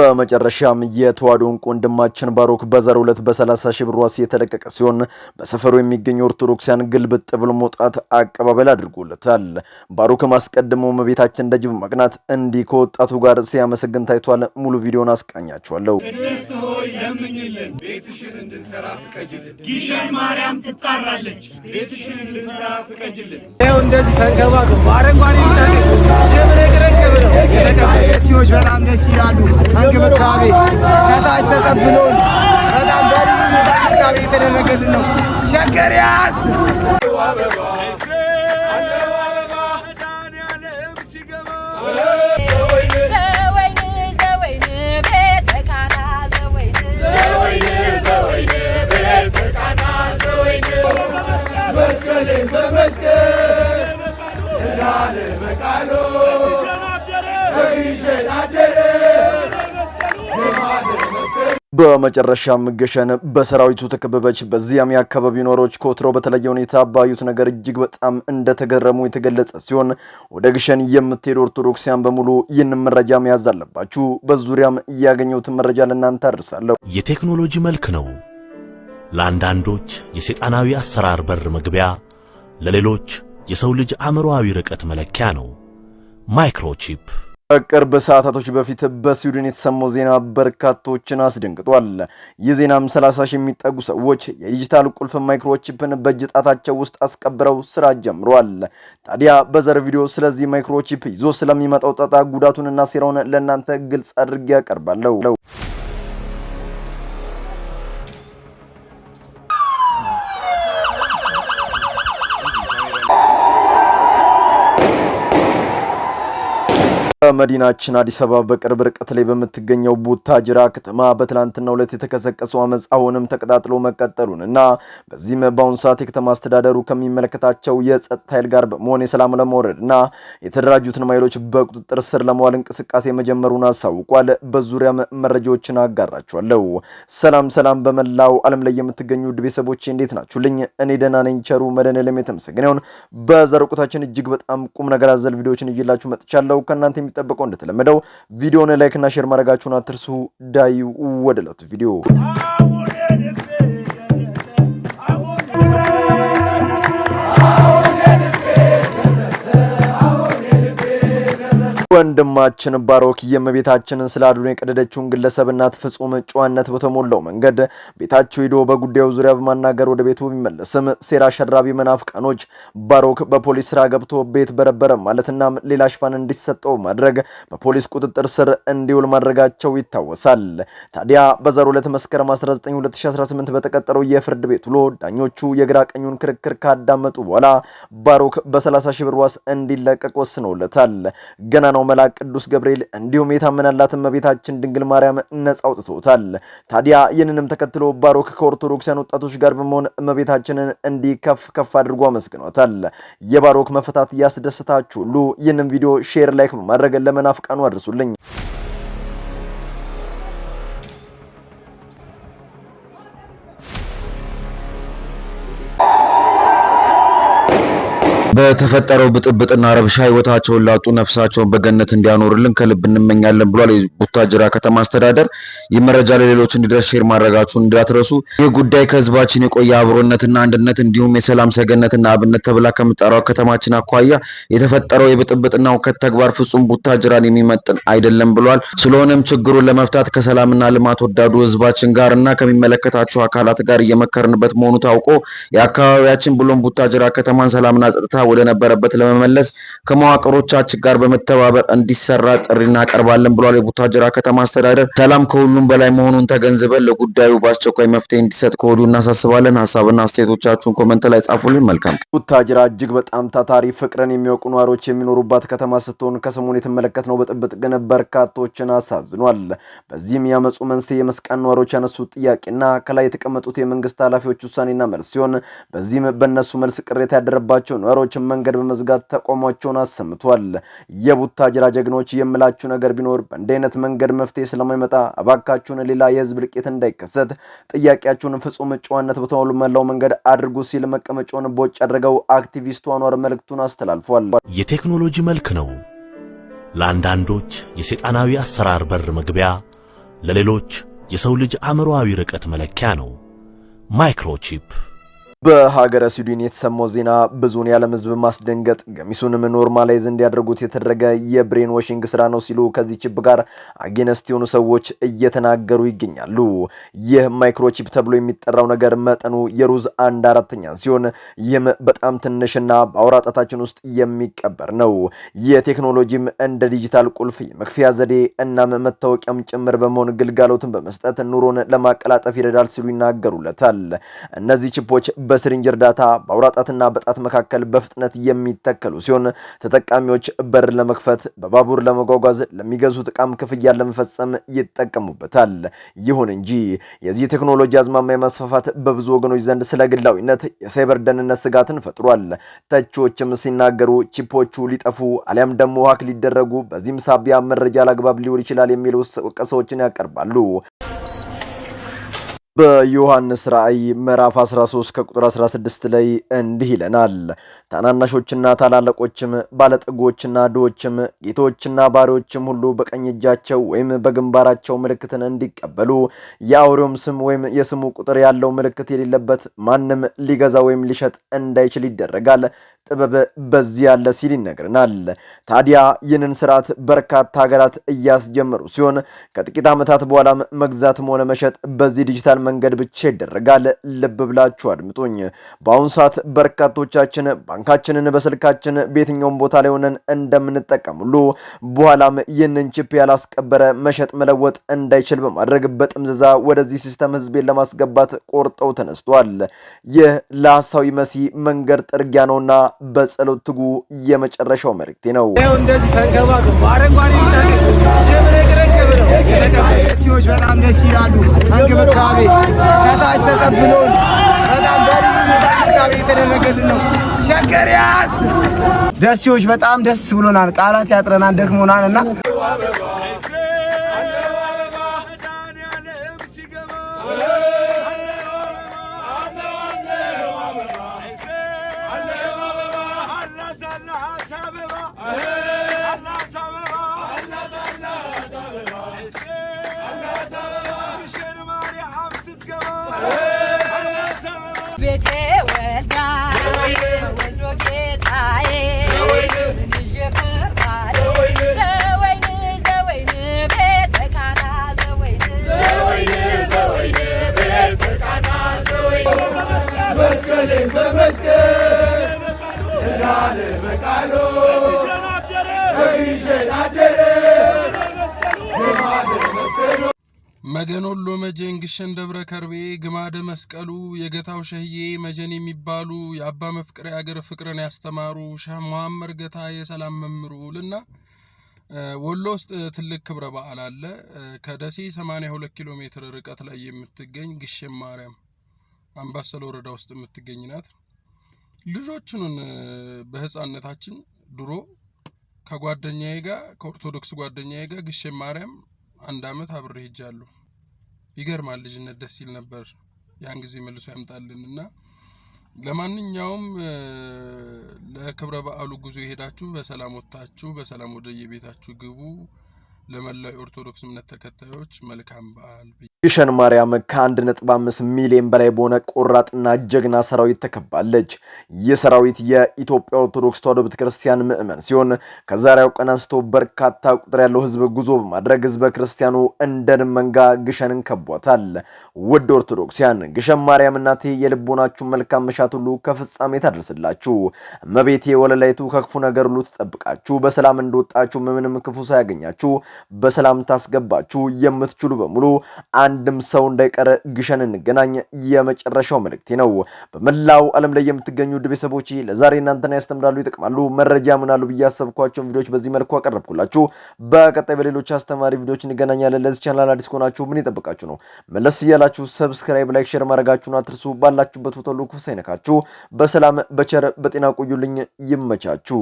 በመጨረሻም የተዋሕዶ ዕንቁ ወንድማችን ባሮክ በዛሬው ዕለት በ30 ሺህ ብር ዋስ የተለቀቀ ሲሆን በሰፈሩ የሚገኙ ኦርቶዶክሲያን ግልብጥ ብሎ መውጣት አቀባበል አድርጎለታል። ባሮክም አስቀድሞ እመቤታችን ጅብ መቅናት እንዲህ ከወጣቱ ጋር ሲያመሰግን ታይቷል። ሙሉ ቪዲዮን አስቃኛችኋለሁ። ቅድስት ሆይ ለምኝልን፣ ቤትሽን እንድንሰራ ፍቀጅልን። ጊሸን ማርያም ትጣራለች፣ ቤትሽን እንድንሰራ ፍቀጅልን። ይኸው እንደዚህ ተንከባከቡ። አረንጓዴ ሽምር ቅረቅብ ነው። ብለው የሲዎች በጣም ደስ ይላሉ። ተቀብሎን በጣም በልዩ ሁኔታ የተደረገልን ነው። ሸገሪያስ በመጨረሻም ገሸን በሰራዊቱ ተከበበች። በዚያም የአካባቢው ኖሮች ከወትሮው በተለየ ሁኔታ ባዩት ነገር እጅግ በጣም እንደተገረሙ የተገለጸ ሲሆን ወደ ግሸን የምትሄዱ ኦርቶዶክሲያን በሙሉ ይህን መረጃ መያዝ አለባችሁ። በዙሪያም እያገኘውትን መረጃ ለእናንተ አድርሳለሁ። የቴክኖሎጂ መልክ ነው ለአንዳንዶች የሰይጣናዊ አሰራር በር መግቢያ፣ ለሌሎች የሰው ልጅ አእምሮዊ ርቀት መለኪያ ነው ማይክሮቺፕ ከቅርብ ሰዓታቶች በፊት በስዊድን የተሰማው ዜና በርካቶችን አስደንግጧል። ይህ ዜናም 30 ሺህ የሚጠጉ ሰዎች የዲጂታል ቁልፍ ማይክሮቺፕን በእጅ ጣታቸው ውስጥ አስቀብረው ስራ ጀምረዋል። ታዲያ በዘር ቪዲዮ ስለዚህ ማይክሮቺፕ ይዞ ስለሚመጣው ጣጣ ጉዳቱንና ሴራውን ለእናንተ ግልጽ አድርጌ ያቀርባለሁ። ከመዲናችን አዲስ አበባ በቅርብ ርቀት ላይ በምትገኘው ቡታጅራ ከተማ በትላንትናው ዕለት የተቀሰቀሰው አመፅ አሁንም ተቀጣጥሎ መቀጠሉን እና በዚህም በአሁኑ ሰዓት የከተማ አስተዳደሩ ከሚመለከታቸው የጸጥታ ኃይል ጋር በመሆን የሰላም ለማውረድ እና የተደራጁትን ኃይሎች በቁጥጥር ስር ለመዋል እንቅስቃሴ መጀመሩን አሳውቋል። በዙሪያ መረጃዎችን አጋራችኋለሁ። ሰላም ሰላም፣ በመላው ዓለም ላይ የምትገኙ ውድ እንዴት ናችሁልኝ? እኔ ደህና ነኝ። ቸሩ መድኃኔዓለም የተመሰገነ ይሁን። በዘርቁታችን እጅግ በጣም ቁም ነገር አዘል ቪዲዮዎችን እየላችሁ መጥቻለሁ ከእናንተ የሚጠብቀው እንደተለመደው ቪዲዮውን ላይክና ሼር ማድረጋችሁን አትርሱ። ዳዩ ወደ ዕለቱ ቪዲዮ ወንድማችን ባሮክ የእመቤታችንን ስለ አዱኔ የቀደደችውን ግለሰብ እናት ፍጹም ጨዋነት በተሞላው መንገድ ቤታቸው ሂዶ በጉዳዩ ዙሪያ በማናገር ወደ ቤቱ ቢመለስም ሴራ ሸራቢ መናፍቃኖች ባሮክ በፖሊስ ስራ ገብቶ ቤት በረበረ ማለትና ሌላ ሽፋን እንዲሰጠው ማድረግ በፖሊስ ቁጥጥር ስር እንዲውል ማድረጋቸው ይታወሳል። ታዲያ በዛሬው ዕለት መስከረም 19 2018 በተቀጠረው የፍርድ ቤት ውሎ ዳኞቹ የግራ ቀኙን ክርክር ካዳመጡ በኋላ ባሮክ በ30 ሺህ ብር ዋስ እንዲለቀቅ ወስነውለታል። ገና ነው መላ መልአክ ቅዱስ ገብርኤል እንዲሁም የታመናላት እመቤታችን ድንግል ማርያም ነጻ አውጥቶታል። ታዲያ ይህንንም ተከትሎ ባሮክ ከኦርቶዶክሳውያን ወጣቶች ጋር በመሆን እመቤታችንን እንዲህ ከፍ ከፍ አድርጎ አመስግኖታል። የባሮክ መፈታት ያስደስታችሁ ሁሉ ይህንን ቪዲዮ ሼር፣ ላይክ በማድረግ ለመናፍቃኑ አድርሱልኝ። በተፈጠረው ብጥብጥና ረብሻ ህይወታቸውን ላጡ ነፍሳቸውን በገነት እንዲያኖርልን ከልብ እንመኛለን ብሏል የቡታጅራ ከተማ አስተዳደር። ይህ መረጃ ለሌሎች እንዲደርስ ሼር ማድረጋችሁን እንዳትረሱ። ይህ ጉዳይ ከህዝባችን የቆየ አብሮነትና አንድነት እንዲሁም የሰላም ሰገነትና አብነት ተብላ ከምጠራው ከተማችን አኳያ የተፈጠረው የብጥብጥና ውከት ተግባር ፍጹም ቡታጅራን የሚመጥን አይደለም ብሏል። ስለሆነም ችግሩን ለመፍታት ከሰላምና ልማት ወዳዱ ህዝባችን ጋር እና ከሚመለከታቸው አካላት ጋር እየመከርንበት መሆኑ ታውቆ የአካባቢያችን ብሎም ቡታጅራ ከተማን ሰላምና ጸጥታ ወደነበረበት ለመመለስ ከመዋቅሮቻችን ጋር በመተባበር እንዲሰራ ጥሪ እናቀርባለን ብሏል። የቡታጅራ ከተማ አስተዳደር ሰላም ከሁሉም በላይ መሆኑን ተገንዝበን ለጉዳዩ በአስቸኳይ መፍትሄ እንዲሰጥ ከወዲሁ እናሳስባለን። ሀሳብና አስተያየቶቻችሁን ኮመንት ላይ ጻፉልን። መልካም። ቡታጅራ እጅግ በጣም ታታሪ ፍቅርን የሚያውቁ ነዋሪዎች የሚኖሩባት ከተማ ስትሆን ከሰሞኑ የተመለከትነው በጥብጥ ግን በርካቶችን አሳዝኗል። በዚህም ያመፁ መንስኤ የመስቃን ነዋሪዎች ያነሱት ጥያቄና ከላይ የተቀመጡት የመንግስት ኃላፊዎች ውሳኔና መልስ ሲሆን በዚህም በእነሱ መልስ ቅሬታ ያደረባቸው ነዋሪዎች የጀግኖችን መንገድ በመዝጋት ተቃውሟቸውን አሰምቷል። የቡታጅራ ጀግኖች የምላችሁ ነገር ቢኖር በእንዲህ አይነት መንገድ መፍትሄ ስለማይመጣ እባካችሁን ሌላ የህዝብ እልቂት እንዳይከሰት ጥያቄያችሁን ፍጹም ጨዋነት መላው መንገድ አድርጉ ሲል መቀመጫውን በውጭ አድርገው አክቲቪስቱ አኗር መልእክቱን አስተላልፏል። የቴክኖሎጂ መልክ ነው ለአንዳንዶች የሰይጣናዊ አሰራር በር መግቢያ፣ ለሌሎች የሰው ልጅ አእምሮአዊ ርቀት መለኪያ ነው ማይክሮቺፕ በሀገረ ስዊድን የተሰማው ዜና ብዙውን የዓለም ሕዝብ ማስደንገጥ ገሚሱንም ኖርማላይዝ እንዲያደርጉት የተደረገ የብሬን ዋሽንግ ስራ ነው ሲሉ ከዚህ ችብ ጋር አጌነስት የሆኑ ሰዎች እየተናገሩ ይገኛሉ። ይህ ማይክሮቺፕ ተብሎ የሚጠራው ነገር መጠኑ የሩዝ አንድ አራተኛ ሲሆን ይህም በጣም ትንሽና በአውራ ጣታችን ውስጥ የሚቀበር ነው። የቴክኖሎጂም ቴክኖሎጂም እንደ ዲጂታል ቁልፍ የመክፈያ ዘዴ እናም መታወቂያም ጭምር በመሆን ግልጋሎትን በመስጠት ኑሮን ለማቀላጠፍ ይረዳል ሲሉ ይናገሩለታል። እነዚህ ችፖች በስሪንጅ እርዳታ በአውራጣትና በጣት መካከል በፍጥነት የሚተከሉ ሲሆን ተጠቃሚዎች በር ለመክፈት በባቡር ለመጓጓዝ ለሚገዙት ዕቃም ክፍያ ለመፈጸም ይጠቀሙበታል። ይሁን እንጂ የዚህ ቴክኖሎጂ አዝማሚያ መስፋፋት በብዙ ወገኖች ዘንድ ስለ ግላዊነት፣ የሳይበር ደህንነት ስጋትን ፈጥሯል። ተቺዎችም ሲናገሩ ቺፖቹ ሊጠፉ አሊያም ደግሞ ሀክ ሊደረጉ በዚህም ሳቢያ መረጃ አላግባብ ሊውል ይችላል የሚሉ ቀሰዎችን ያቀርባሉ። በዮሐንስ ራእይ ምዕራፍ 13 ከቁጥር 16 ላይ እንዲህ ይለናል፣ ታናናሾችና ታላላቆችም ባለጠጎችና ድሆችም ጌቶችና ባሪዎችም ሁሉ በቀኝ እጃቸው ወይም በግንባራቸው ምልክትን እንዲቀበሉ የአውሬውም ስም ወይም የስሙ ቁጥር ያለው ምልክት የሌለበት ማንም ሊገዛ ወይም ሊሸጥ እንዳይችል ይደረጋል፣ ጥበብ በዚህ ያለ ሲል ይነግርናል። ታዲያ ይህንን ስርዓት በርካታ ሀገራት እያስጀመሩ ሲሆን ከጥቂት ዓመታት በኋላም መግዛትም ሆነ መሸጥ በዚህ ዲጂታል በፈጣን መንገድ ብቻ ይደረጋል። ልብ ብላችሁ አድምጡኝ። በአሁኑ ሰዓት በርካቶቻችን ባንካችንን በስልካችን በየትኛውም ቦታ ላይ ሆነን እንደምንጠቀም ሁሉ በኋላም ይህንን ቺፕ ያላስቀበረ መሸጥ መለወጥ እንዳይችል በማድረግ በጥምዘዛ ወደዚህ ሲስተም ህዝቤን ለማስገባት ቆርጠው ተነስቷል። ይህ ለሐሳዊ መሲ መንገድ ጥርጊያ ነውና በጸሎት ትጉ የመጨረሻው መልእክቴ ነው። ደሴዎች በጣም ደስ ይላሉ። እንክብካቤ ከታች ተቀብሎን በጣም በልዩ የተደረገልን ነው። ሸገርያስ ደሴዎች በጣም ደስ ብሎናል። ቃላት ያጥረናል፣ ደክሞናል እና እመቤቴ ወልዳ ወልዶ ጌታዬ ንዤ በመስቀል እንዳለ በቃሎ ወሎ መጀን ግሸን ደብረ ከርቤ ግማደ መስቀሉ የገታው ሸህዬ መጀን የሚባሉ የአባ መፍቅሬ አገር ፍቅርን ያስተማሩ ሸህ መሐመድ ገታ የሰላም መምሩ ልና ወሎ ውስጥ ትልቅ ክብረ በዓል አለ። ከደሴ 82 ኪሎ ሜትር ርቀት ላይ የምትገኝ ግሸን ማርያም አምባሰል ወረዳ ውስጥ የምትገኝ ናት። ልጆቹን በህፃነታችን ድሮ ከጓደኛዬ ጋር ከኦርቶዶክስ ጓደኛዬ ጋር ግሸን ማርያም አንድ አመት አብሬ ሄጃለሁ። ይገርማል። ልጅነት ደስ ይል ነበር። ያን ጊዜ መልሶ ያምጣልን እና ለማንኛውም ለክብረ በዓሉ ጉዞ የሄዳችሁ በሰላም ወጥታችሁ በሰላም ወደ የቤታችሁ ግቡ። ለመላው የኦርቶዶክስ እምነት ተከታዮች መልካም በዓል። ግሸን ማርያም ከ1.5 ሚሊዮን በላይ በሆነ ቆራጥና ጀግና ሰራዊት ተከባለች። ይህ ሰራዊት የኢትዮጵያ ኦርቶዶክስ ተዋሕዶ ቤተክርስቲያን ምዕመን ሲሆን ከዛሬው ቀን አንስቶ በርካታ ቁጥር ያለው ህዝብ ጉዞ በማድረግ ህዝበ ክርስቲያኑ እንደ መንጋ ግሸንን ከቧታል። ውድ ኦርቶዶክሲያን ግሸን ማርያም እናቴ የልቦናችሁን መልካም መሻት ሁሉ ከፍጻሜ ታደርስላችሁ። እመቤቴ ወለላይቱ ከክፉ ነገር ሁሉ ትጠብቃችሁ፣ በሰላም እንደወጣችሁ ምንም ክፉ ሳያገኛችሁ በሰላም ታስገባችሁ የምትችሉ በሙሉ አንድም ሰው እንዳይቀር ግሸን እንገናኝ የመጨረሻው መልእክቴ ነው። በመላው ዓለም ላይ የምትገኙ ውድ ቤተሰቦች ለዛሬ እናንተን ያስተምራሉ፣ ይጠቅማሉ፣ መረጃ ምናሉ ብዬ ያሰብኳቸውን ቪዲዮዎች በዚህ መልኩ አቀረብኩላችሁ። በቀጣይ በሌሎች አስተማሪ ቪዲዮዎች እንገናኛለን። ለዚህ ቻናል አዲስ ከሆናችሁ ምን ይጠብቃችሁ ነው? መለስ እያላችሁ ሰብስክራይብ፣ ላይክ፣ ሼር ማድረጋችሁን አትርሱ። ባላችሁበት ቦታ ሁሉ ክፉ ሳይነካችሁ በሰላም በቸር በጤና ቆዩልኝ። ይመቻችሁ።